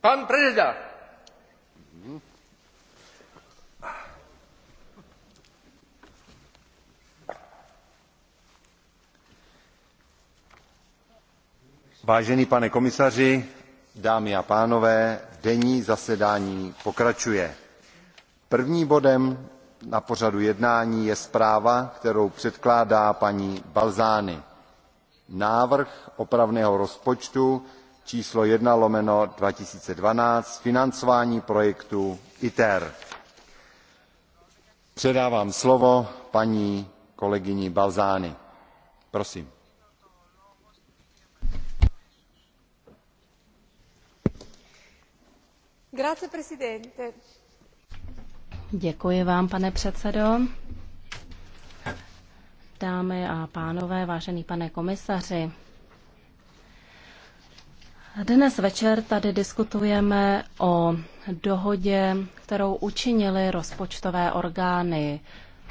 Pan prezident. Vážený pane komisaři, dámy a pánové, denní zasedání pokračuje. Prvním bodem na pořadu jednání je zpráva, kterou předkládá paní Balzány návrh opravného rozpočtu číslo one lomeno two thousand and twelve financování projektu iter. předávám slovo paní kolegyni balzaniové. prosím. Děkuji vám, pane předsedo dámy a pánové, vážený pane komisaři. Dnes večer tady diskutujeme o dohodě, kterou učinili rozpočtové orgány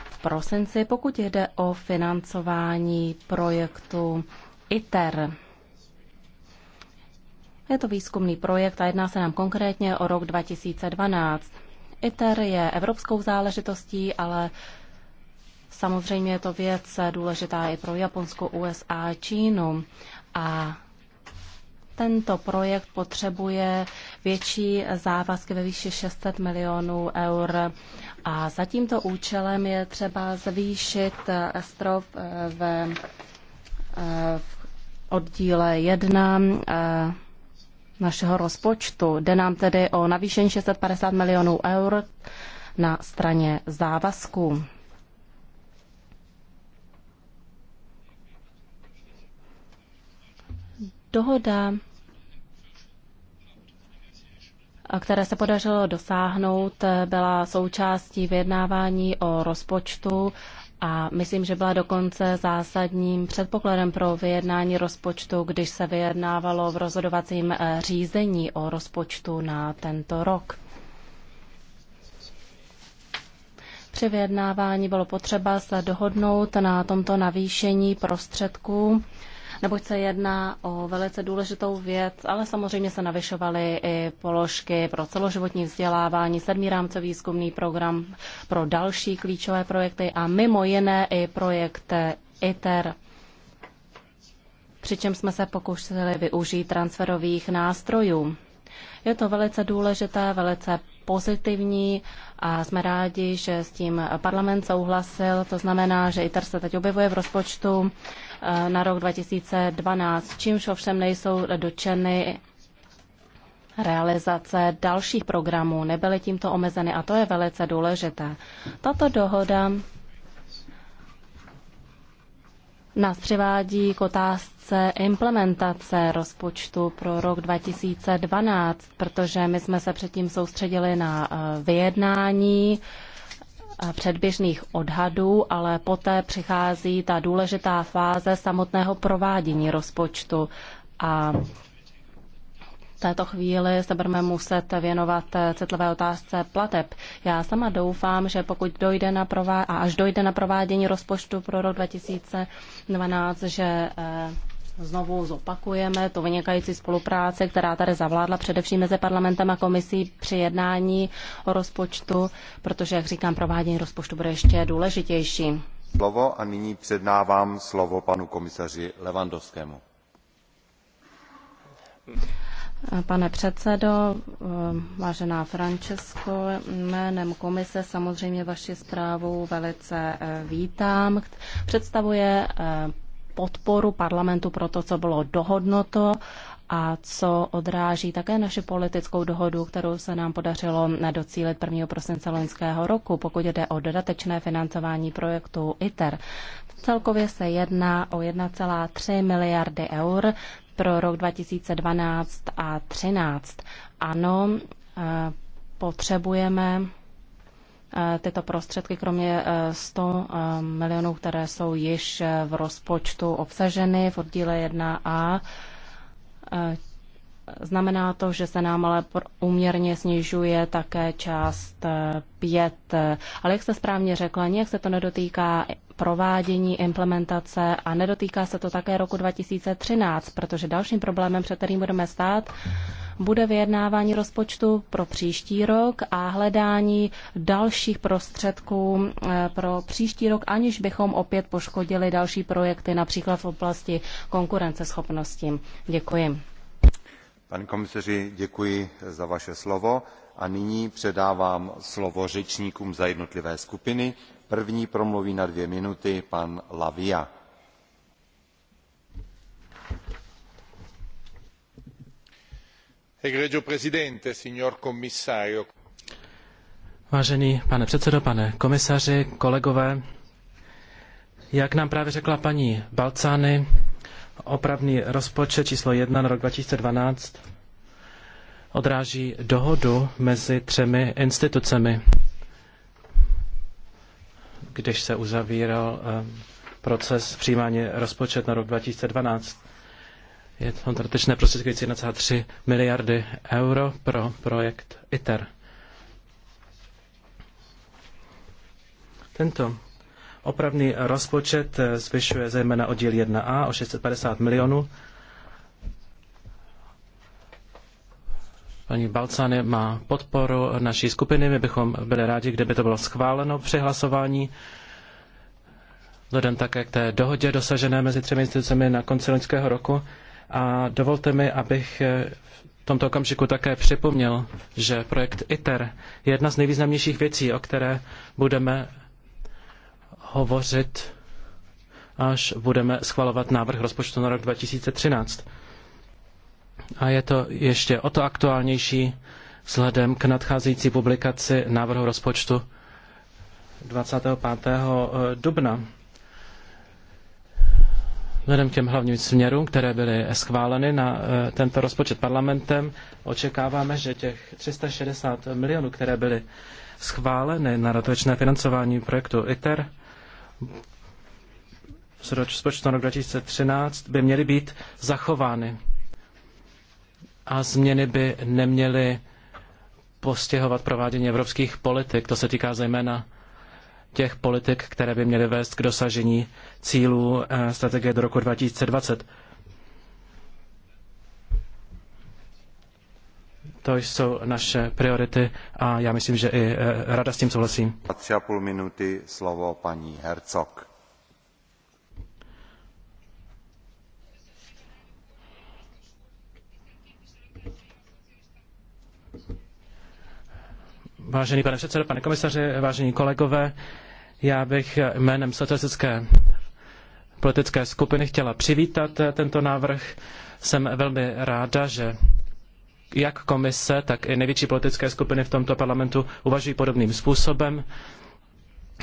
v prosinci, pokud jde o financování projektu ITER. Je to výzkumný projekt a jedná se nám konkrétně o rok 2012. ITER je evropskou záležitostí, ale Samozřejmě je to věc důležitá i pro Japonsko, USA a Čínu. A tento projekt potřebuje větší závazky ve výši 600 milionů eur a za tímto účelem je třeba zvýšit strop eh, v, eh, v oddíle 1 eh, našeho rozpočtu. Jde nám tedy o navýšení 650 milionů eur na straně závazků. Dohoda, které se podařilo dosáhnout, byla součástí vyjednávání o rozpočtu a myslím, že byla dokonce zásadním předpokladem pro vyjednání rozpočtu, když se vyjednávalo v rozhodovacím eh, řízení o rozpočtu na tento rok. Při vyjednávání bylo potřeba se dohodnout na tomto navýšení prostředků neboť se jedná o velice důležitou věc, ale samozřejmě se navyšovaly i položky pro celoživotní vzdělávání, sedmý rámcový výzkumný program pro další klíčové projekty a mimo jiné i projekt eh, ITER přičemž jsme se pokusili využít transferových nástrojů. Je to velice důležité, velice pozitivní a jsme rádi, že s tím parlament souhlasil. To znamená, že ITER se teď objevuje v rozpočtu eh, na rok 2012, čímž ovšem nejsou dočeny realizace dalších programů nebyly tímto omezeny a to je velice důležité. Tato dohoda nás přivádí k otázce, se implementace rozpočtu pro rok 2012, protože my jsme se předtím soustředili na eh, vyjednání eh, předběžných odhadů, ale poté přichází ta důležitá fáze samotného provádění rozpočtu. A této chvíli se budeme muset věnovat eh, citlivé otázce plateb. Já sama doufám, že pokud dojde na prová- a až dojde na provádění rozpočtu pro rok 2012, že znovu zopakujeme tu vynikající spolupráce, která tady zavládla především mezi parlamentem a komisí při jednání o rozpočtu, protože, jak říkám, provádění rozpočtu bude ještě důležitější. Slovo a nyní předávám slovo panu komisaři Levandovskému. Pane předsedo, vážená Francesco, jménem komise samozřejmě vaši zprávu velice eh, vítám. Představuje eh, podporu parlamentu pro to, co bylo dohodnoto a co odráží také naši politickou dohodu, kterou se nám podařilo docílit 1. prosince loňského roku, pokud jde o dodatečné financování projektu ITER. Celkově se jedná o 1,3 miliardy eur pro rok 2012 a 2013. Ano, eh, potřebujeme Eh, tyto prostředky, kromě 100 eh, eh, milionů, které jsou již v rozpočtu obsaženy v oddíle 1a, Znamená to, že se nám ale uměrně snižuje také část 5. Ale jak jste správně řekla, nějak se to nedotýká provádění, implementace a nedotýká se to také roku 2013, protože dalším problémem, před kterým budeme stát, bude vyjednávání rozpočtu pro příští rok a hledání dalších prostředků eh, pro příští rok, aniž bychom opět poškodili další projekty, například v oblasti konkurenceschopnosti. Děkuji. Pane komisaři, děkuji za vaše slovo a nyní předávám slovo řečníkům za jednotlivé skupiny. První promluví na dvě minuty pan Lavia Egregio presidente, signor commissario. Vážený pane předsedo, pane komisaři, kolegové, jak nám právě řekla paní balzani opravný rozpočet číslo 1 na rok 2012 odráží dohodu mezi třemi institucemi, když se uzavíral eh, proces přijímání rozpočet na rok 2012. Je to dodatečné prostředky 1,3 miliardy euro pro projekt ITER. Tento opravný rozpočet zvyšuje zejména oddíl 1a o 650 milionů. Paní Balcány má podporu naší skupiny. My bychom byli rádi, kdyby to bylo schváleno při hlasování. Vzhledem také k té dohodě dosažené mezi třemi institucemi na konci loňského roku. A dovolte mi, abych eh, v tomto okamžiku také připomněl, že projekt ITER je jedna z nejvýznamnějších věcí, o které budeme hovořit, až budeme schvalovat návrh rozpočtu na rok 2013. A je to ještě o to aktuálnější vzhledem k nadcházející publikaci návrhu rozpočtu 25. Eh, dubna Vzhledem k těm hlavním směrům, které byly schváleny na eh, tento rozpočet parlamentem, očekáváme, že těch 360 milionů, které byly schváleny na dodatečné financování projektu ITER z rozpočtu rok 2013, by měly být zachovány a změny by neměly postihovat provádění evropských politik. To se týká zejména těch politik, které by měly vést k dosažení cílů eh, strategie do roku 2020. To jsou naše priority a já myslím, že i eh, Rada s tím souhlasí. 3,5 minuty slovo paní Hercog. Vážený pane předsedo, pane komisaři, vážení kolegové, já bych jménem socialistické politické skupiny chtěla přivítat tento návrh. Jsem velmi ráda, že jak komise, tak i největší politické skupiny v tomto parlamentu uvažují podobným způsobem,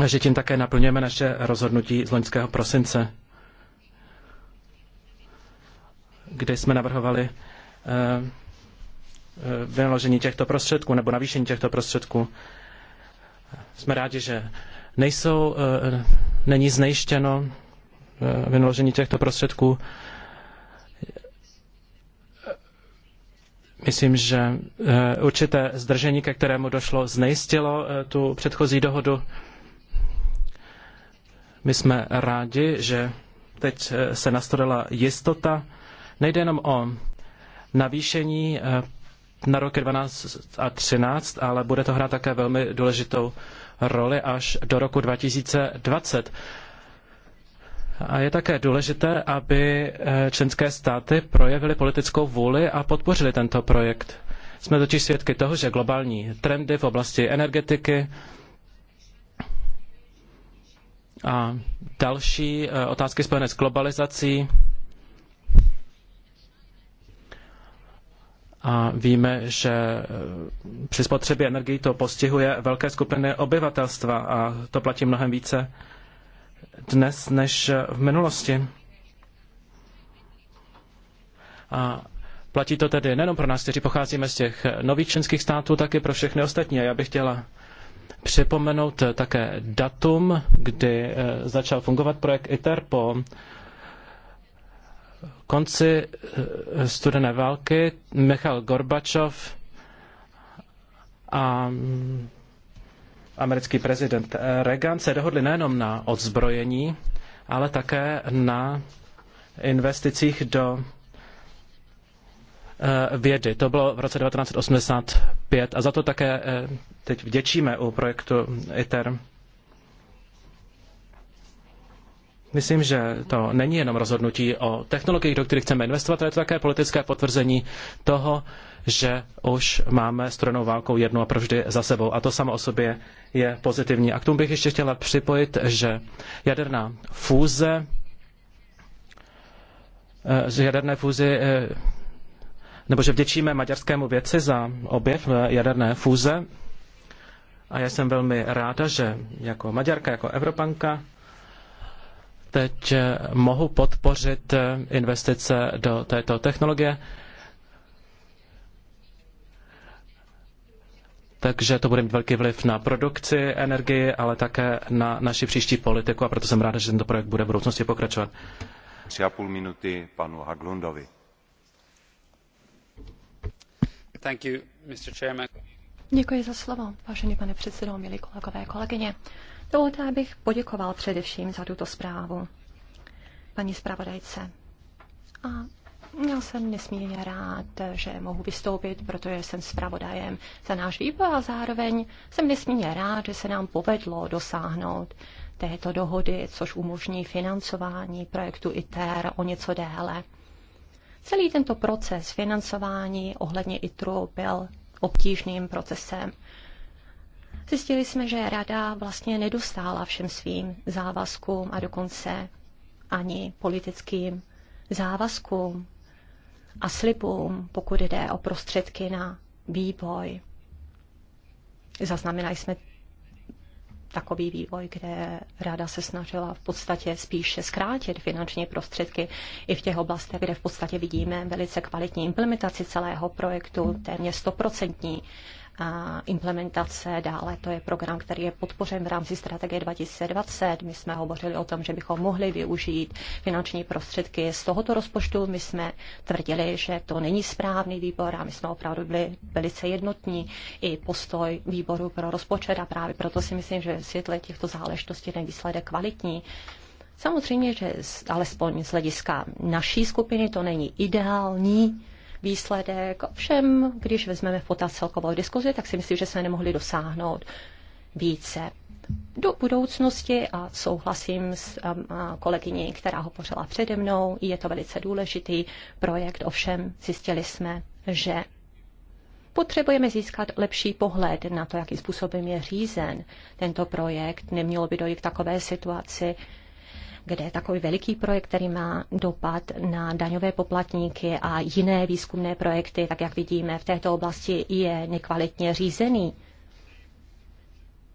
že tím také naplňujeme naše rozhodnutí z loňského prosince, kde jsme navrhovali eh, Eh, vynaložení těchto prostředků nebo navýšení těchto prostředků. Jsme rádi, že nejsou, eh, není znejištěno eh, vynaložení těchto prostředků. Myslím, že určité zdržení, ke kterému došlo, znejistilo tu předchozí dohodu. My jsme rádi, že teď se nastolila jistota. Nejde jenom o navýšení na roky 12 a 13, ale bude to hrát také velmi důležitou roli až do roku 2020. A je také důležité, aby eh, členské státy projevily politickou vůli a podpořily tento projekt. Jsme totiž svědky toho, že globální trendy v oblasti energetiky a další eh, otázky spojené s globalizací A víme, že eh, při spotřebě energii to postihuje velké skupiny obyvatelstva a to platí mnohem více dnes než v minulosti. A platí to tedy nejen pro nás, kteří pocházíme z těch nových členských států, tak i pro všechny ostatní. A já bych chtěla připomenout také datum, kdy eh, začal fungovat projekt ITER po konci eh, studené války Michal Gorbačov a mm, americký prezident Reagan se dohodli nejenom na odzbrojení, ale také na investicích do eh, vědy. To bylo v roce 1985 a za to také eh, teď vděčíme u projektu ITER. Myslím, že to není jenom rozhodnutí o technologiích, do kterých chceme investovat, ale je to také politické potvrzení toho, že už máme stranou válkou jednu a provždy za sebou. A to samo o sobě je pozitivní. A k tomu bych ještě chtěla připojit, že jaderná fúze, eh, že jaderné fúzi, eh, nebo že vděčíme maďarskému věci za objev jaderné fúze. A já jsem velmi ráda, že jako maďarka, jako evropanka, teď mohu podpořit investice do této technologie. takže to bude mít velký vliv na produkci energie, ale také na naši příští politiku a proto jsem rád, že tento projekt bude v budoucnosti pokračovat. Tři a půl minuty panu Haglundovi. Thank you, Mr. Chairman. Děkuji za slovo, vážený pane předsedo, milí kolegové, kolegyně. Dovolte, abych poděkoval především za tuto zprávu paní zpravodajce. A já jsem nesmírně rád, že mohu vystoupit, protože jsem zpravodajem za náš výbor a zároveň jsem nesmírně rád, že se nám povedlo dosáhnout této dohody, což umožní financování projektu ITER o něco déle. Celý tento proces financování ohledně ITRU byl obtížným procesem. Zjistili jsme, že rada vlastně nedostála všem svým závazkům a dokonce ani politickým závazkům a slibům, pokud jde o prostředky na vývoj. Zaznamenali jsme takový vývoj, kde ráda se snažila v podstatě spíše zkrátit finanční prostředky i v těch oblastech, kde v podstatě vidíme velice kvalitní implementaci celého projektu, téměř stoprocentní implementace. Dále to je program, který je podpořen v rámci strategie 2020. My jsme hovořili o tom, že bychom mohli využít finanční prostředky z tohoto rozpočtu. My jsme tvrdili, že to není správný výbor a my jsme opravdu byli velice jednotní i postoj výboru pro rozpočet a právě proto si myslím, že světle těchto záležitostí ten výsledek kvalitní. Samozřejmě, že alespoň z hlediska naší skupiny to není ideální, výsledek. Ovšem, když vezmeme v potaz celkovou diskuzi, tak si myslím, že jsme nemohli dosáhnout více do budoucnosti a souhlasím s um, kolegyní, která ho pořela přede mnou. Je to velice důležitý projekt, ovšem zjistili jsme, že potřebujeme získat lepší pohled na to, jakým způsobem je řízen tento projekt. Nemělo by dojít k takové situaci, kde takový veliký projekt, který má dopad na daňové poplatníky a jiné výzkumné projekty, tak jak vidíme v této oblasti, je nekvalitně řízený.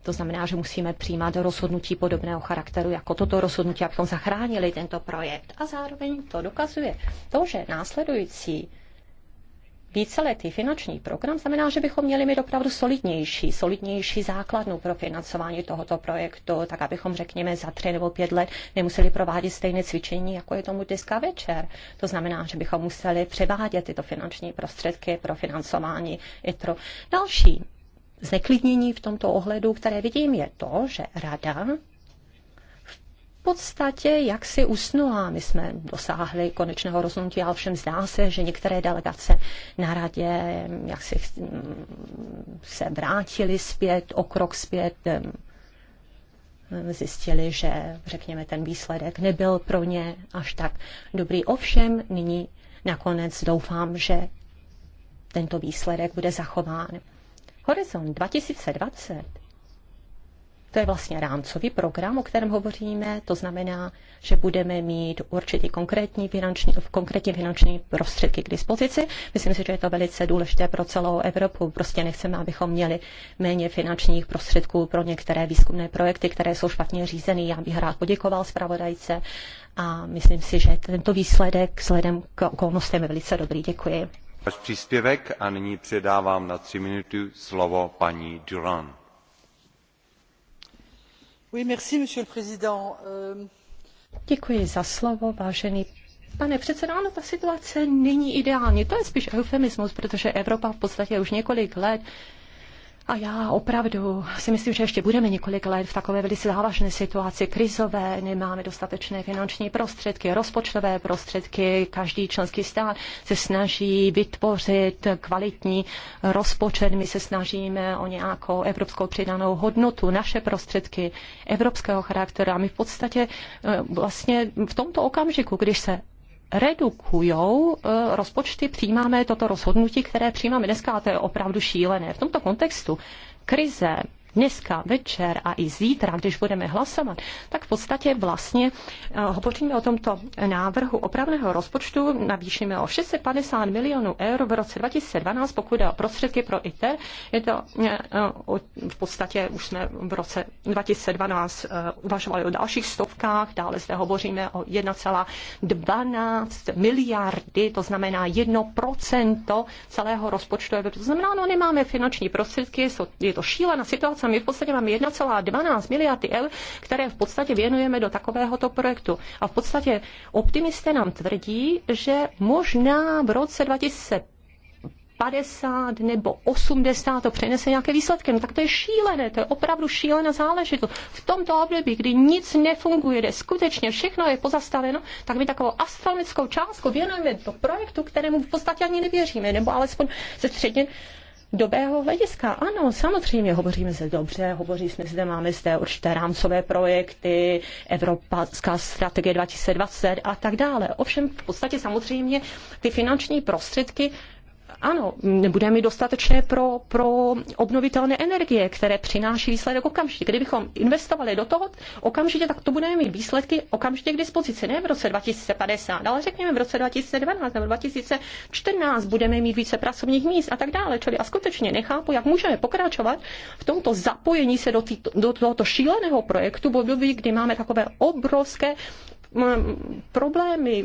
To znamená, že musíme přijímat rozhodnutí podobného charakteru jako toto rozhodnutí, abychom zachránili tento projekt. A zároveň to dokazuje to, že následující víceletý finanční program znamená, že bychom měli mít opravdu solidnější, solidnější základnu pro financování tohoto projektu, tak abychom, řekněme, za tři nebo pět let nemuseli provádět stejné cvičení, jako je tomu dneska večer. To znamená, že bychom museli převádět tyto finanční prostředky pro financování ITRO. Další zneklidnění v tomto ohledu, které vidím, je to, že Rada podstatě jak si usnula. My jsme dosáhli konečného rozhodnutí, ale všem zdá se, že některé delegace na radě mm, jak si mm, se vrátili zpět, o krok zpět, mm, zjistili, že řekněme ten výsledek nebyl pro ně až tak dobrý. Ovšem nyní nakonec doufám, že tento výsledek bude zachován. Horizont 2020 to je vlastně rámcový program, o kterém hovoříme. To znamená, že budeme mít určitý konkrétní finanční, konkrétní finanční prostředky k dispozici. Myslím si, že je to velice důležité pro celou Evropu. Prostě nechceme, abychom měli méně finančních prostředků pro některé výzkumné projekty, které jsou špatně řízeny. Já bych rád poděkoval zpravodajce a myslím si, že tento výsledek vzhledem k okolnostem je velice dobrý. Děkuji. Váš příspěvek a nyní předávám na tři minuty slovo paní Durand monsieur le président euh, vážený Pane předsedo, ano, ta situace není ideální. To je spíš eufemismus, protože Evropa v podstatě už několik let a já opravdu si myslím, že ještě budeme několik let v takové velice závažné situaci, krizové, nemáme dostatečné finanční prostředky, rozpočtové prostředky, každý členský stát se snaží vytvořit kvalitní rozpočet, my se snažíme o nějakou evropskou přidanou hodnotu, naše prostředky evropského charakteru a my v podstatě eh, vlastně v tomto okamžiku, když se redukují eh, rozpočty, přijímáme toto rozhodnutí, které přijímáme dneska, a to je opravdu šílené. V tomto kontextu krize dneska večer a i zítra, když budeme hlasovat, tak v podstatě vlastně eh, hovoříme o tomto návrhu opravného rozpočtu, navýšíme o 650 milionů eur v roce 2012, pokud je o prostředky pro ITER. Je to eh, v podstatě už jsme v roce 2012 eh, uvažovali o dalších stovkách, dále zde hovoříme o 1,12 miliardy, to znamená 1% celého rozpočtu. To znamená, no nemáme finanční prostředky, je to šílená situace, a my v podstatě máme 1,12 miliardy eur, které v podstatě věnujeme do takovéhoto projektu. A v podstatě optimisté nám tvrdí, že možná v roce 2015 50 nebo 80 to přinese nějaké výsledky. No tak to je šílené, to je opravdu šílená záležitost. V tomto období, kdy nic nefunguje, kde skutečně všechno je pozastaveno, tak my takovou astronomickou částku věnujeme do projektu, kterému v podstatě ani nevěříme, nebo alespoň ze středně dobého hlediska. Ano, samozřejmě hovoříme se dobře, hovoříme jsme zde, máme zde určité rámcové projekty, Evropská strategie 2020 a tak dále. Ovšem v podstatě samozřejmě ty finanční prostředky ano, nebudeme mít dostatečné pro, pro obnovitelné energie, které přináší výsledek okamžitě. Kdybychom investovali do toho okamžitě, tak to budeme mít výsledky okamžitě k dispozici. Ne v roce 2050, ale řekněme v roce 2012 nebo 2014 budeme mít více pracovních míst a tak dále. Čili a skutečně nechápu, jak můžeme pokračovat v tomto zapojení se do, tý, do tohoto šíleného projektu v období, kdy máme takové obrovské problémy.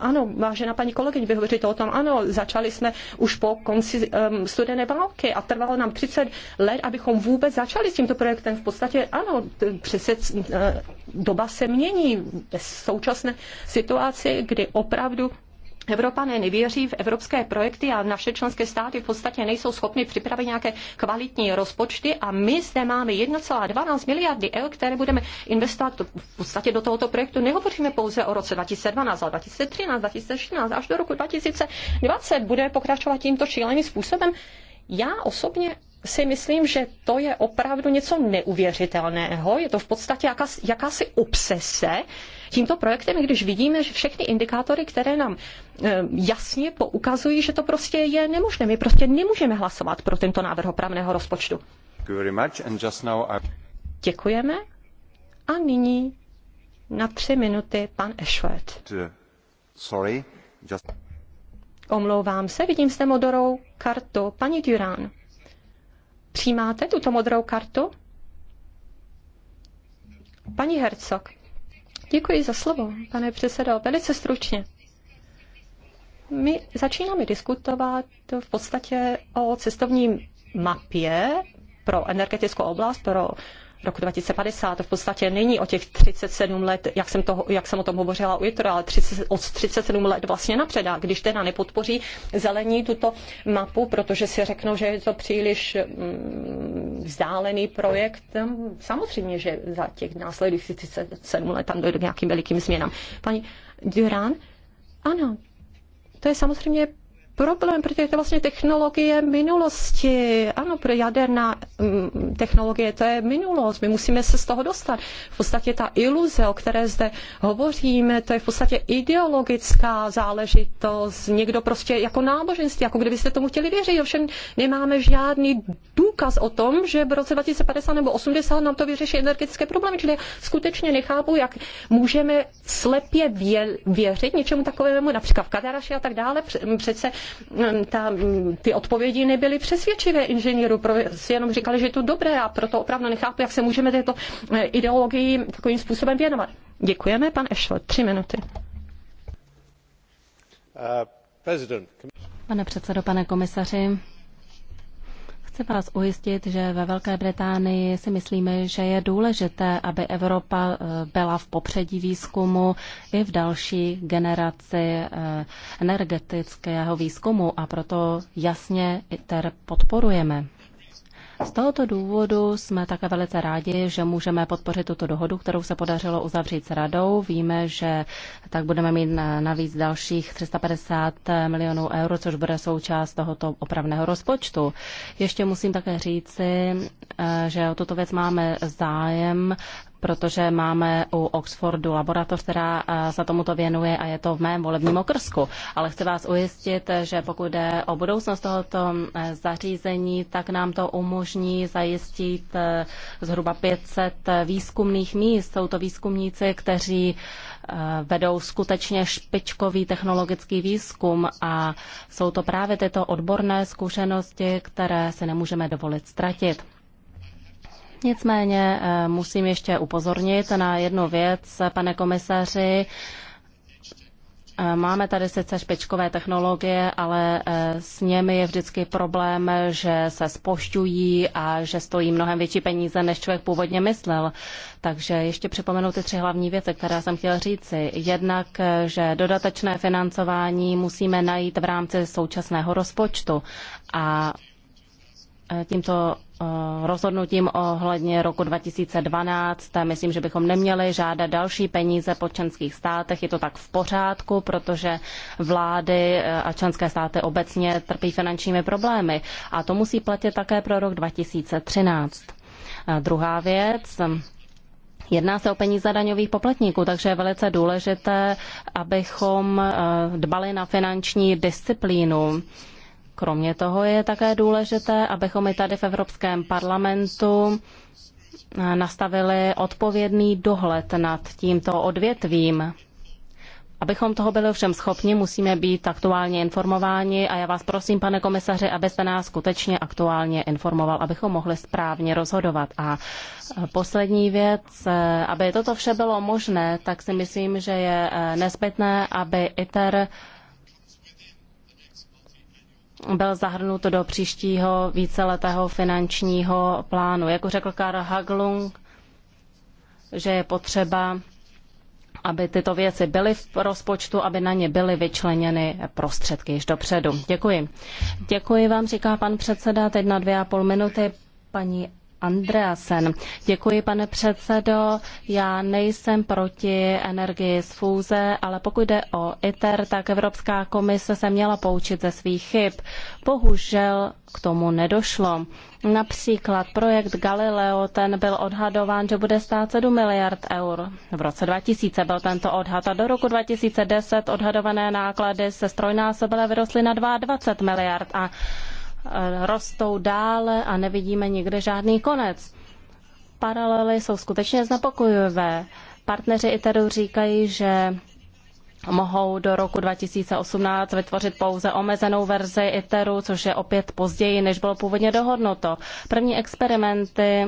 Ano, vážená paní kolegyně, vy hovoříte o tom, ano, začali jsme už po konci um, studené války a trvalo nám 30 let, abychom vůbec začali s tímto projektem. V podstatě ano, přece e, doba se mění v současné situaci, kdy opravdu Evropané nevěří v evropské projekty a naše členské státy v podstatě nejsou schopny připravit nějaké kvalitní rozpočty a my zde máme 1,12 miliardy eur, které budeme investovat v podstatě do tohoto projektu. Nehovoříme pouze o roce 2012, ale 2013, 2016 až do roku 2020 bude pokračovat tímto šíleným způsobem. Já osobně si myslím, že to je opravdu něco neuvěřitelného. Je to v podstatě jakási obsese, tímto projektem, když vidíme, že všechny indikátory, které nám Eh, jasně poukazují, že to prostě je nemožné. My prostě nemůžeme hlasovat pro tento návrh opravného rozpočtu. Děkujeme. A nyní na tři minuty pan Ešvet. just... Omlouvám se, vidím jste modrou kartu. Paní Durán, přijímáte tuto modrou kartu? Paní Hercog, děkuji za slovo, pane předsedo, velice stručně my začínáme diskutovat v podstatě o cestovní mapě pro energetickou oblast, pro roku 2050. To v podstatě není o těch 37 let, jak jsem, toho, jak jsem o tom hovořila u Jitro, ale 30, od 37 let vlastně napřed. A když teda nepodpoří zelení tuto mapu, protože si řeknou, že je to příliš mm, vzdálený projekt, samozřejmě, že za těch následujících 37 let tam dojde k nějakým velikým změnám. Paní Duran, ano, to je samozřejmě problém, protože to je vlastně technologie minulosti. Ano, pro jaderná mm, technologie to je minulost. My musíme se z toho dostat. V podstatě ta iluze, o které zde hovoříme, to je v podstatě ideologická záležitost. Někdo prostě jako náboženství, jako kdybyste tomu chtěli věřit. Ovšem nemáme žádný důkaz o tom, že v roce 2050 nebo 80 nám to vyřeší energetické problémy. Čili skutečně nechápu, jak můžeme slepě věřit něčemu takovému, například v Kadaraši a tak dále. Přece ta, ty odpovědi nebyly přesvědčivé inženýru, si jenom říkali, že je to dobré a proto opravdu nechápu, jak se můžeme této eh, ideologii takovým způsobem věnovat. Děkujeme, pan Ešle, tři minuty. Uh, pane předsedo, pane komisaři, Chci vás ujistit, že ve Velké Británii si myslíme, že je důležité, aby Evropa eh, byla v popředí výzkumu i v další generaci eh, energetického výzkumu a proto jasně ITER podporujeme. Z tohoto důvodu jsme také velice rádi, že můžeme podpořit tuto dohodu, kterou se podařilo uzavřít s radou. Víme, že tak budeme mít navíc dalších 350 milionů euro, což bude součást tohoto opravného rozpočtu. Ještě musím také říci, eh, že o tuto věc máme zájem protože máme u Oxfordu laboratoř, která eh, se tomuto věnuje a je to v mém volebním okrsku. Ale chci vás ujistit, že pokud jde o budoucnost tohoto eh, zařízení, tak nám to umožní zajistit eh, zhruba 500 výzkumných míst. Jsou to výzkumníci, kteří vedou skutečně špičkový technologický výzkum a jsou to právě tyto odborné zkušenosti, které se nemůžeme dovolit ztratit. Nicméně eh, musím ještě upozornit na jednu věc, pane komisaři. Eh, máme tady sice špičkové technologie, ale eh, s nimi je vždycky problém, že se spošťují a že stojí mnohem větší peníze, než člověk původně myslel. Takže ještě připomenu ty tři hlavní věci, které jsem chtěl říci. Jednak, že dodatečné financování musíme najít v rámci současného rozpočtu. A tímto eh, rozhodnutím ohledně roku 2012. Myslím, že bychom neměli žádat další peníze po členských státech. Je to tak v pořádku, protože vlády eh, a členské státy obecně trpí finančními problémy. A to musí platit také pro rok 2013. A druhá věc. Jedná se o peníze daňových poplatníků, takže je velice důležité, abychom eh, dbali na finanční disciplínu. Kromě toho je také důležité, abychom i tady v Evropském parlamentu nastavili odpovědný dohled nad tímto odvětvím. Abychom toho byli všem schopni, musíme být aktuálně informováni a já vás prosím, pane komisaři, abyste nás skutečně aktuálně informoval, abychom mohli správně rozhodovat. A poslední věc, aby toto vše bylo možné, tak si myslím, že je nezbytné, aby ITER byl zahrnut do příštího víceletého finančního plánu. Jak řekl Karl Haglung, že je potřeba, aby tyto věci byly v rozpočtu, aby na ně byly vyčleněny prostředky již dopředu. Děkuji. Děkuji vám, říká pan předseda. Teď na dvě a půl minuty paní Andreasen. Děkuji, pane předsedo. Já nejsem proti energii z fúze, ale pokud jde o ITER, tak Evropská komise se měla poučit ze svých chyb. Bohužel k tomu nedošlo. Například projekt Galileo, ten byl odhadován, že bude stát 7 miliard eur. V roce 2000 byl tento odhad a do roku 2010 odhadované náklady se strojnásobile vyrostly na 22 miliard a rostou dále a nevidíme nikde žádný konec. Paralely jsou skutečně znepokojivé. Partneři ITERu říkají, že mohou do roku 2018 vytvořit pouze omezenou verzi ITERu, což je opět později, než bylo původně dohodnuto. První experimenty, eh,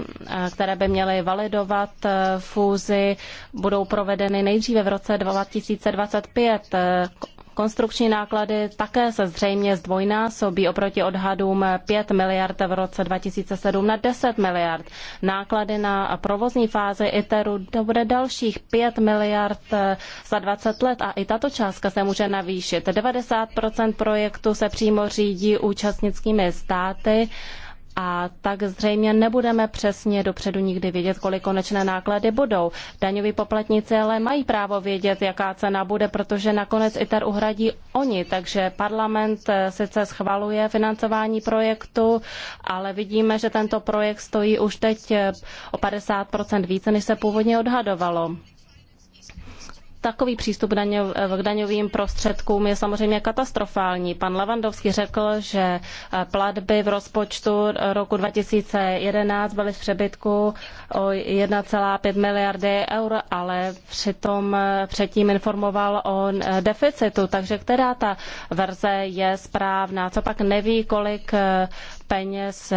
které by měly validovat eh, fúzi, budou provedeny nejdříve v roce 2025. Eh, konstrukční náklady také se zřejmě zdvojnásobí oproti odhadům 5 miliard v roce 2007 na 10 miliard. Náklady na provozní fázi ITERu to bude dalších 5 miliard eh, za 20 let a i tato částka se může navýšit. 90% projektu se přímo řídí účastnickými státy a tak zřejmě nebudeme přesně dopředu nikdy vědět, kolik konečné náklady budou. Daňoví poplatníci ale mají právo vědět, jaká cena bude, protože nakonec ITER uhradí oni. Takže parlament eh, sice schvaluje financování projektu, ale vidíme, že tento projekt stojí už teď eh, o 50% více, než se původně odhadovalo takový přístup k daňovým prostředkům je samozřejmě katastrofální. Pan Lavandovský řekl, že eh, platby v rozpočtu roku 2011 byly v přebytku o 1,5 miliardy eur, ale přitom eh, předtím informoval o eh, deficitu. Takže která ta verze je správná? Co pak neví, kolik peněz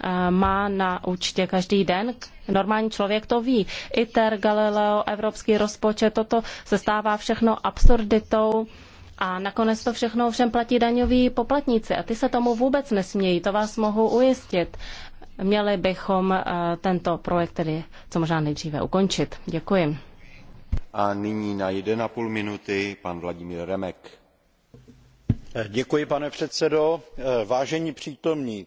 Eh, má na účtě každý den. Normální člověk to ví. ITER, Galileo, evropský rozpočet, toto se stává všechno absurditou. A nakonec to všechno všem platí daňoví poplatníci a ty se tomu vůbec nesmějí, to vás mohu ujistit. Měli bychom eh, tento projekt tedy co možná nejdříve ukončit. Děkuji. A nyní na 1,5 minuty pan Vladimír Remek. Děkuji, pane předsedo. Eh, vážení přítomní,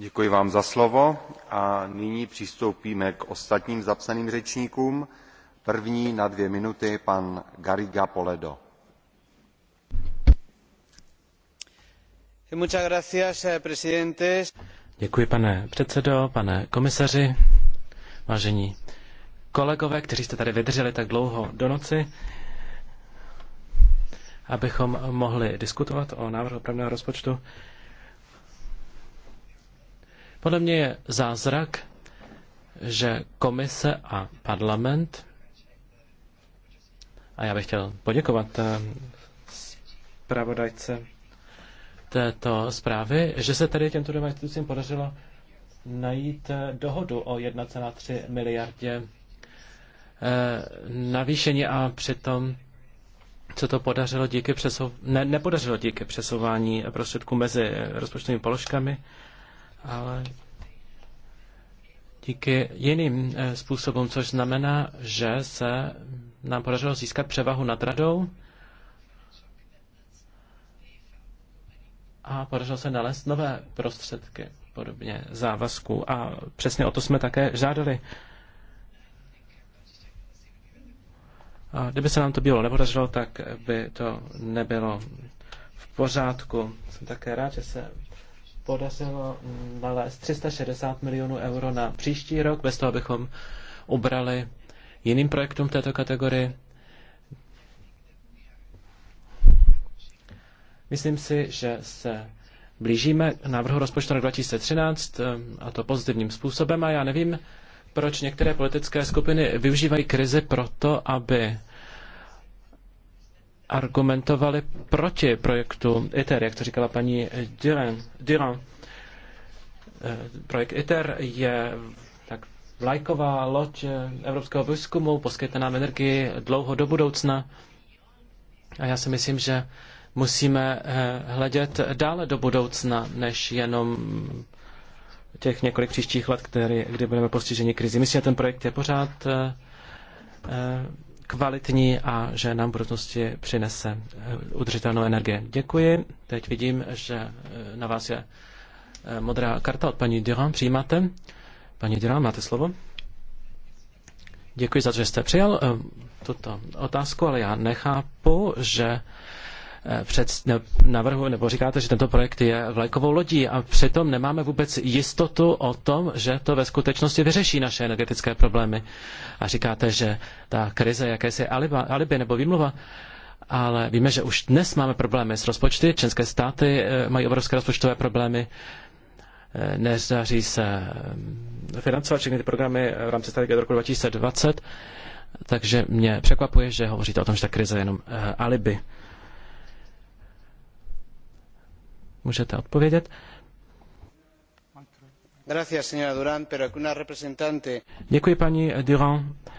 Děkuji vám za slovo a nyní přistoupíme k ostatním zapsaným řečníkům. První na dvě minuty pan Garriga Poledo. Eh, Děkuji, pane předsedající pane komisaři, vážení kolegové, kteří jste tady vydrželi tak dlouho do noci, abychom mohli diskutovat o návrhu opravného rozpočtu. Podle mě je zázrak, že komise a parlament, a já bych chtěl poděkovat eh, zpravodajce této zprávy, že se tady těmto dvěma institucím podařilo najít eh, dohodu o 1,3 miliardě eh, navýšení a přitom co to podařilo díky přesou... ne, nepodařilo díky přesouvání prostředků mezi rozpočtovými položkami, ale díky jiným eh, způsobům, což znamená, že se nám podařilo získat převahu nad radou a podařilo se nalézt nové prostředky, podobně závazků. A přesně o to jsme také žádali. A kdyby se nám to bylo nepodařilo, tak by to nebylo v pořádku. Jsem také rád, že se podařilo mm, nalézt 360 milionů euro na příští rok, bez toho, abychom ubrali jiným projektům této kategorii. Myslím si, že se blížíme k návrhu rozpočtu rok 2013, eh, a to pozitivním způsobem, a já nevím, proč některé politické skupiny využívají krizi proto, aby argumentovali proti projektu ITER, jak to říkala paní Dylan. Eh, projekt ITER je tak vlajková loď evropského výzkumu, poskytne nám energii dlouho do budoucna. A já si myslím, že musíme eh, hledět dále do budoucna, než jenom těch několik příštích let, který, kdy budeme postiženi krizi. Myslím, že ten projekt je pořád eh, kvalitní a že nám v budoucnosti přinese eh, udržitelnou energii. Děkuji. Teď vidím, že eh, na vás je eh, modrá karta od paní Durand. Přijímáte? Paní Durand, máte slovo? Děkuji za to, že jste přijal tuto otázku, ale já nechápu, že Eh, před, ne, navrhu, nebo říkáte, že tento projekt je vlajkovou lodí a přitom nemáme vůbec jistotu o tom, že to ve skutečnosti vyřeší naše energetické problémy. A říkáte, že ta krize jakési aliba, alibi nebo výmluva, ale víme, že už dnes máme problémy s rozpočty, české státy eh, mají obrovské rozpočtové problémy, eh, nezdaří se financovat všechny ty programy v rámci strategie do roku 2020, takže mě překvapuje, že hovoříte o tom, že ta krize je jenom alibi. Můžete odpovědět? Děkuji, paní Durand.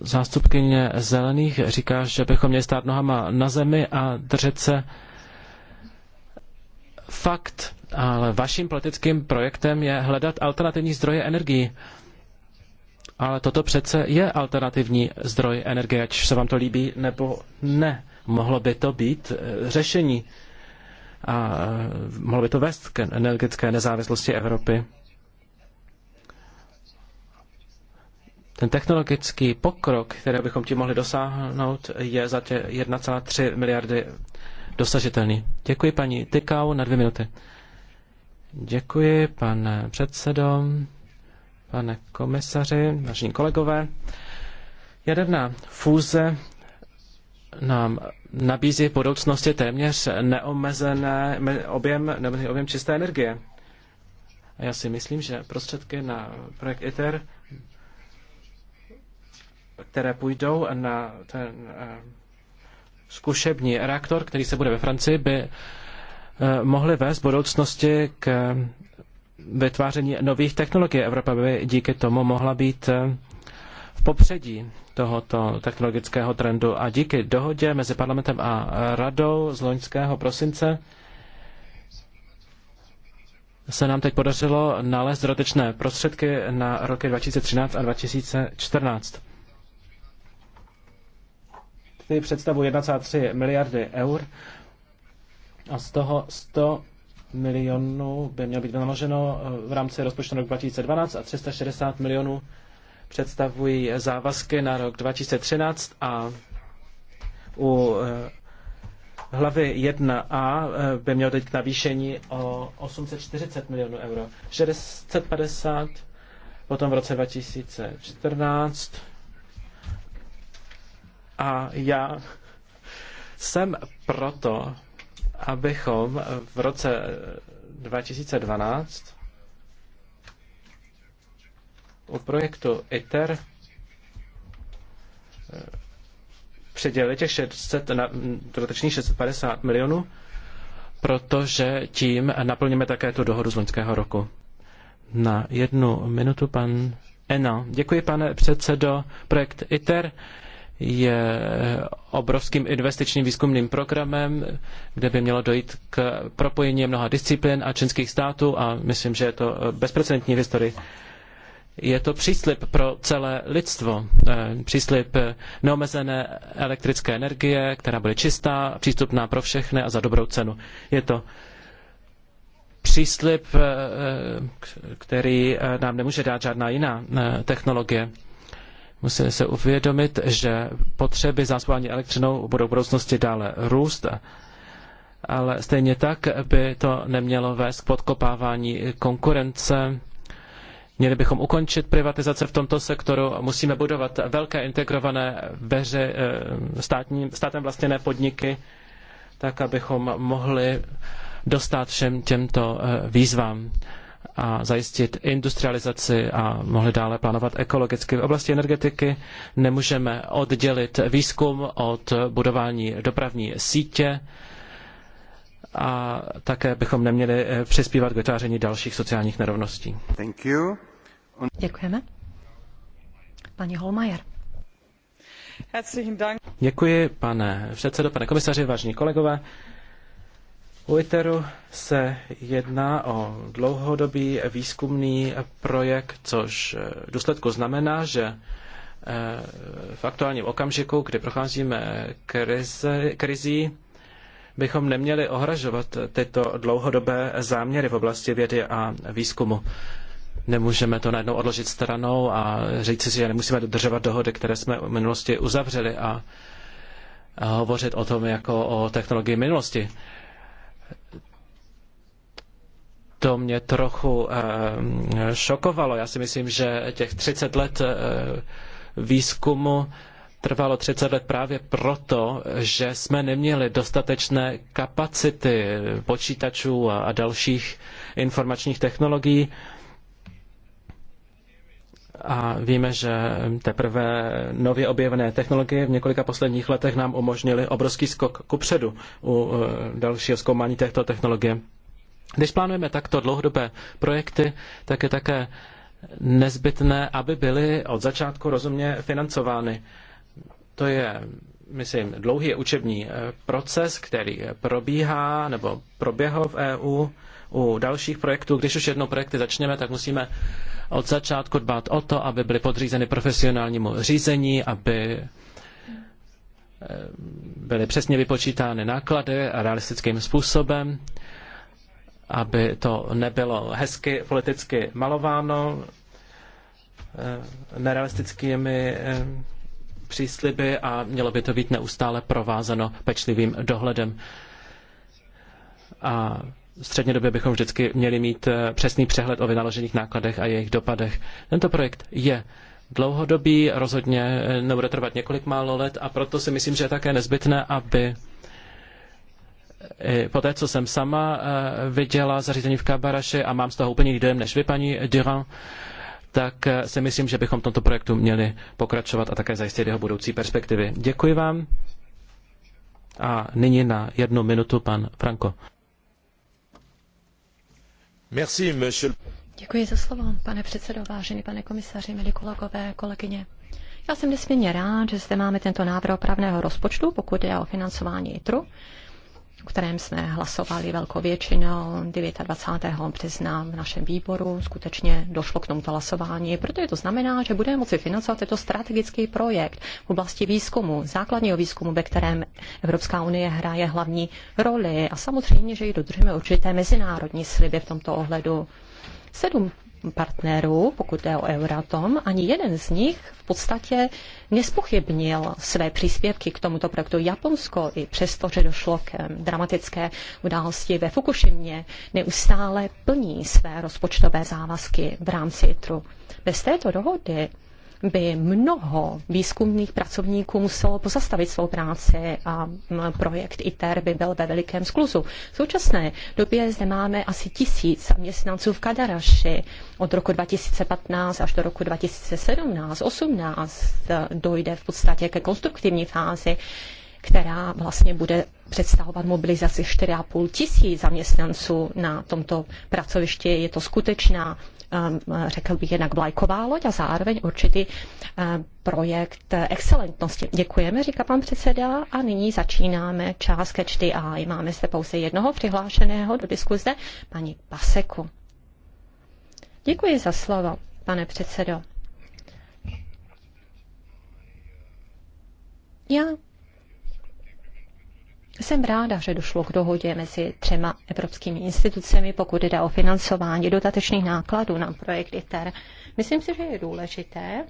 Zástupkyně zelených říká, že bychom měli stát nohama na zemi a držet se fakt, ale vaším politickým projektem je hledat alternativní zdroje energii. Ale toto přece je alternativní zdroj energie, ať se vám to líbí nebo ne. Mohlo by to být eh, řešení a eh, mohlo by to vést k energetické nezávislosti Evropy. Ten technologický pokrok, který bychom ti mohli dosáhnout, je za tě 1,3 miliardy dosažitelný. Děkuji paní Tykau na dvě minuty. Děkuji, pane předsedo pane komisaři, vážení kolegové. Jaderná fúze nám nabízí v budoucnosti téměř neomezené objem, neomezený objem čisté energie. A já si myslím, že prostředky na projekt ITER, které půjdou na ten eh, zkušební reaktor, který se bude ve Francii, by eh, mohly vést v budoucnosti k vytváření nových technologií. Evropa by díky tomu mohla být eh, v popředí tohoto technologického trendu a díky dohodě mezi parlamentem a radou z loňského prosince se nám teď podařilo nalézt dodatečné prostředky na roky 2013 a 2014. Tedy představu 1,3 miliardy eur a z toho 100 milionů by mělo být vynaloženo eh, v rámci rozpočtu roku 2012 a 360 milionů představují závazky na rok 2013 a u eh, hlavy 1a eh, by mělo dojít k navýšení o 840 milionů euro. 650 potom v roce 2014 a já jsem proto, abychom v roce 2012 eh, u projektu ITER eh, předělili těch 600, dodatečných 650 milionů, protože tím naplníme také tu dohodu z loňského roku. Na jednu minutu pan Ena. Děkuji, pane předsedo. Projekt ITER je eh, obrovským investičním výzkumným programem, kde by mělo dojít k propojení mnoha disciplín a členských států a myslím, že je to eh, bezprecedentní v historii. Je to příslip pro celé lidstvo, eh, příslip neomezené elektrické energie, která bude čistá, přístupná pro všechny a za dobrou cenu. Je to příslip, který nám nemůže dát žádná jiná technologie. Musíme se uvědomit, že potřeby zásobování elektřinou budou v budoucnosti dále růst, ale stejně tak by to nemělo vést k podkopávání konkurence. Měli bychom ukončit privatizace v tomto sektoru, musíme budovat velké integrované veře, eh, státní, státem vlastněné podniky, tak abychom mohli dostat všem těmto eh, výzvám a zajistit industrializaci a mohli dále plánovat ekologicky. V oblasti energetiky nemůžeme oddělit výzkum od budování dopravní sítě a také bychom neměli eh, přispívat k vytváření dalších sociálních nerovností. Thank you. On... Děkujeme. Paní Holmajer. Děkuji, pane předsedo, pane komisaři, vážení kolegové. U ITERu se jedná o dlouhodobý výzkumný projekt, což eh, v důsledku znamená, že eh, v aktuálním okamžiku, kdy procházíme krize, krizí, bychom neměli ohražovat tyto dlouhodobé záměry v oblasti vědy a výzkumu. Nemůžeme to najednou odložit stranou a říct si, že nemusíme dodržovat dohody, které jsme v minulosti uzavřeli a, a hovořit o tom jako o technologii minulosti to mě trochu eh, šokovalo. Já si myslím, že těch 30 let eh, výzkumu trvalo 30 let právě proto, že jsme neměli dostatečné kapacity počítačů a dalších informačních technologií a víme, že teprve nově objevené technologie v několika posledních letech nám umožnily obrovský skok kupředu u e, dalšího zkoumání této technologie. Když plánujeme takto dlouhodobé projekty, tak je také nezbytné, aby byly od začátku rozumně financovány. To je, myslím, dlouhý učební e, proces, který probíhá nebo proběhl v EU u dalších projektů, když už jednou projekty začneme, tak musíme od začátku dbát o to, aby byly podřízeny profesionálnímu řízení, aby eh, byly přesně vypočítány náklady a realistickým způsobem, aby to nebylo hezky politicky malováno eh, nerealistickými eh, přísliby a mělo by to být neustále provázeno pečlivým dohledem. A střednědobě bychom vždycky měli mít eh, přesný přehled o vynaložených nákladech a jejich dopadech. Tento projekt je dlouhodobý, rozhodně eh, nebude trvat několik málo let a proto si myslím, že je také nezbytné, aby eh, po té, co jsem sama viděla zařízení v Kabaraši a mám z toho úplně jiný dojem než vy, paní Durand, tak si myslím, že bychom tomto projektu měli pokračovat a také zajistit jeho budoucí perspektivy. Děkuji vám. A nyní na jednu minutu pan Franco. Děkuji za slovo, pane předsedo, vážený pane komisaři, milí kolegové, kolegyně. Já jsem nesmírně rád, že zde máme tento návrh opravného rozpočtu, pokud jde o financování ITRU v kterém jsme hlasovali velkou většinou 29. března v našem výboru. Skutečně došlo k tomuto hlasování, protože to znamená, že budeme moci financovat tento strategický projekt v oblasti výzkumu, základního výzkumu, ve kterém Evropská unie hraje hlavní roli. A samozřejmě, že ji dodržíme určité mezinárodní sliby v tomto ohledu. Sedm partnerů, pokud je o Euratom, ani jeden z nich v podstatě nespochybnil své příspěvky k tomuto projektu. Japonsko i přesto, že došlo k eh, dramatické události ve Fukushimě, neustále plní své rozpočtové závazky v rámci ITRU. Bez této dohody by mnoho výzkumných pracovníků muselo pozastavit svou práci a projekt ITER by byl ve velikém skluzu. V současné době zde máme asi tisíc zaměstnanců v Kadaraši. Od roku 2015 až do roku 2017, 18 dojde v podstatě ke konstruktivní fázi která vlastně bude představovat mobilizaci 4,5 tisíc zaměstnanců na tomto pracovišti. Je to skutečná Ehm, řekl bych, jednak vlajková loď a zároveň určitý ehm, projekt excelentnosti. Děkujeme, říká pan předseda, a nyní začínáme část ke čty a máme se pouze jednoho přihlášeného do diskuze, paní Paseku. Děkuji za slovo, pane předsedo. Já jsem ráda, že došlo k dohodě mezi třema evropskými institucemi, pokud jde o financování dodatečných nákladů na projekt ITER. Myslím si, že je důležité,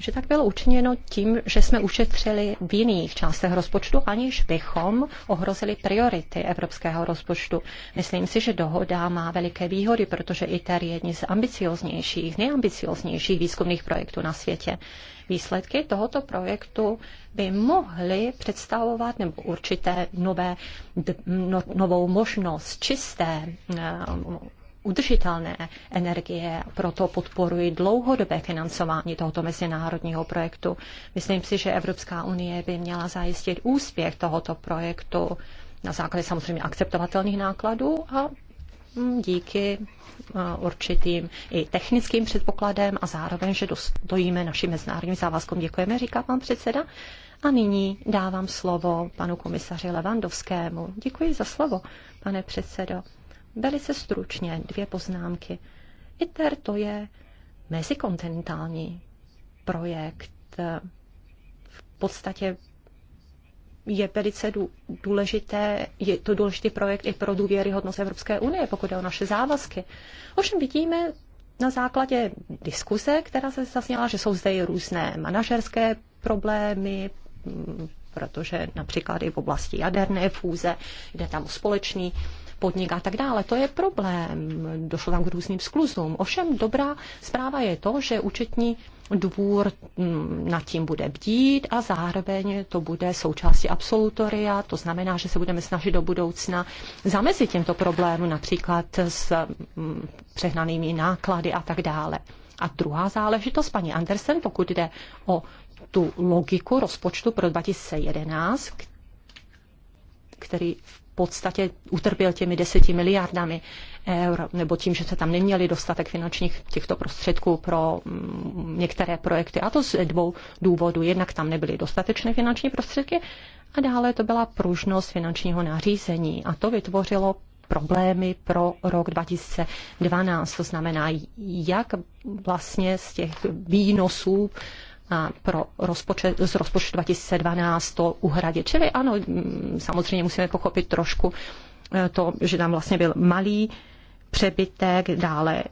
že tak bylo učiněno tím, že jsme ušetřili v jiných částech rozpočtu, aniž bychom ohrozili priority evropského rozpočtu. Myslím si, že dohoda má veliké výhody, protože ITER je jedním z ambicioznějších, nejambicioznějších výzkumných projektů na světě. Výsledky tohoto projektu by mohly představovat nebo určité nové, no, novou možnost čisté eh, udržitelné energie. Proto podporuji dlouhodobé financování tohoto mezinárodního projektu. Myslím si, že Evropská unie by měla zajistit úspěch tohoto projektu na základě samozřejmě akceptovatelných nákladů a díky eh, určitým i technickým předpokladem a zároveň, že dostojíme našim mezinárodním závazkům. Děkujeme, říká pan předseda. A nyní dávám slovo panu komisaři Levandovskému. Děkuji za slovo, pane předsedo. Velice stručně dvě poznámky. ITER to je mezikontinentální projekt. V podstatě je velice důležité, je to důležitý projekt i pro důvěryhodnost Evropské unie, pokud jde o naše závazky. Ovšem vidíme na základě diskuse, která se zasněla, že jsou zde i různé manažerské problémy, mm, protože například i v oblasti jaderné fúze jde tam o společný podnik a tak dále. To je problém. Došlo tam k různým skluzům. Ovšem dobrá zpráva je to, že účetní dvůr mm, nad tím bude bdít a zároveň to bude součástí absolutoria, to znamená, že se budeme snažit do budoucna zamezit těmto problémům, například s mm, přehnanými náklady a tak dále. A druhá záležitost, paní Andersen, pokud jde o tu logiku rozpočtu pro 2011, který v podstatě utrpěl těmi deseti miliardami eur, nebo tím, že se tam neměli dostatek finančních těchto prostředků pro mm, některé projekty. A to z dvou důvodů. Jednak tam nebyly dostatečné finanční prostředky a dále to byla pružnost finančního nařízení. A to vytvořilo problémy pro rok 2012. To znamená, jak vlastně z těch výnosů pro rozpočet, z rozpočtu 2012 to uhradit. Čili ano, samozřejmě musíme pochopit trošku e, to, že tam vlastně byl malý přebytek, dále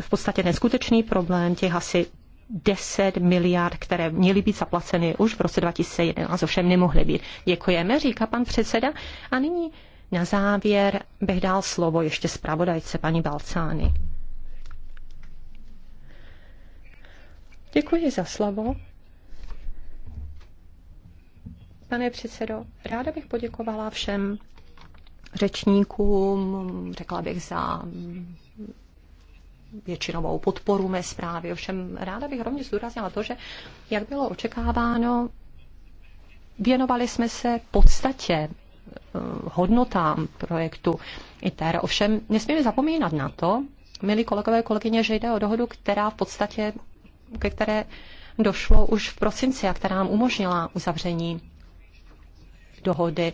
v podstatě neskutečný problém těch asi 10 miliard, které měly být zaplaceny už v roce 2011, ovšem nemohly být. Děkujeme, říká pan předseda. A nyní na závěr bych dal slovo ještě zpravodajce paní Balcány. Děkuji za slovo. Pane předsedo, ráda bych poděkovala všem řečníkům, řekla bych za většinovou podporu mé zprávy. Ovšem ráda bych rovněž zdůraznila to, že jak bylo očekáváno, věnovali jsme se podstatě eh, hodnotám projektu ITER. Ovšem nesmíme zapomínat na to, milí kolegové, kolegyně, že jde o dohodu, která v podstatě ke které došlo už v prosinci a která nám umožnila uzavření dohody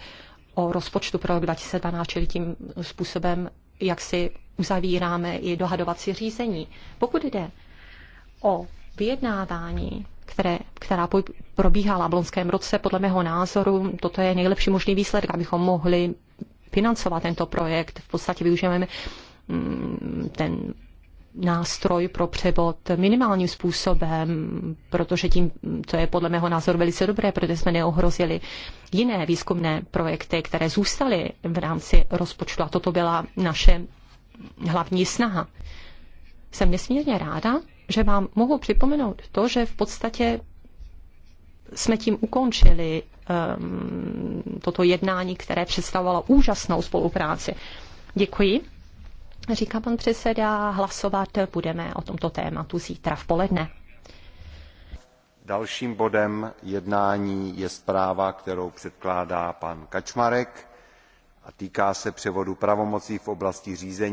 o rozpočtu pro rok 2012, čili tím způsobem, jak si uzavíráme i dohadovací řízení. Pokud jde o vyjednávání, které, která probíhala v lonském roce, podle mého názoru toto je nejlepší možný výsledek, abychom mohli financovat tento projekt. V podstatě využijeme mm, ten nástroj pro převod minimálním způsobem, protože tím, to je podle mého názoru velice dobré, protože jsme neohrozili jiné výzkumné projekty, které zůstaly v rámci rozpočtu a toto byla naše hlavní snaha. Jsem nesmírně ráda, že vám mohu připomenout to, že v podstatě jsme tím ukončili um, toto jednání, které představovalo úžasnou spolupráci. Děkuji říká pan předseda, hlasovat budeme o tomto tématu zítra v poledne. Dalším bodem jednání je zpráva, kterou předkládá pan Kačmarek a týká se převodu pravomocí v oblasti řízení